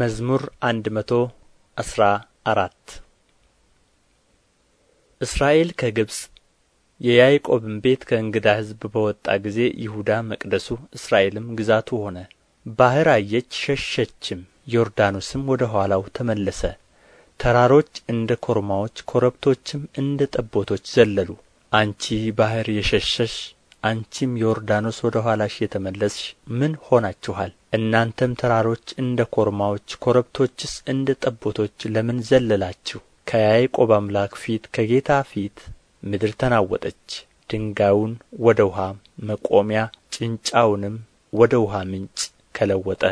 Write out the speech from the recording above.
መዝሙር መቶ አስራ አራት እስራኤል ከግብፅ የያዕቆብም ቤት ከእንግዳ ሕዝብ በወጣ ጊዜ ይሁዳ መቅደሱ እስራኤልም ግዛቱ ሆነ። ባሕር አየች ሸሸችም፣ ዮርዳኖስም ወደ ኋላው ተመለሰ። ተራሮች እንደ ኮርማዎች፣ ኮረብቶችም እንደ ጠቦቶች ዘለሉ። አንቺ ባሕር የሸሸሽ አንቺም ዮርዳኖስ ወደ ኋላሽ የተመለስሽ ምን ሆናችኋል እናንተም ተራሮች እንደ ኮርማዎች ኮረብቶችስ እንደ ጠቦቶች ለምን ዘለላችሁ ከያዕቆብ አምላክ ፊት ከጌታ ፊት ምድር ተናወጠች ድንጋዩን ወደ ውሃ መቆሚያ ጭንጫውንም ወደ ውሃ ምንጭ ከለወጠ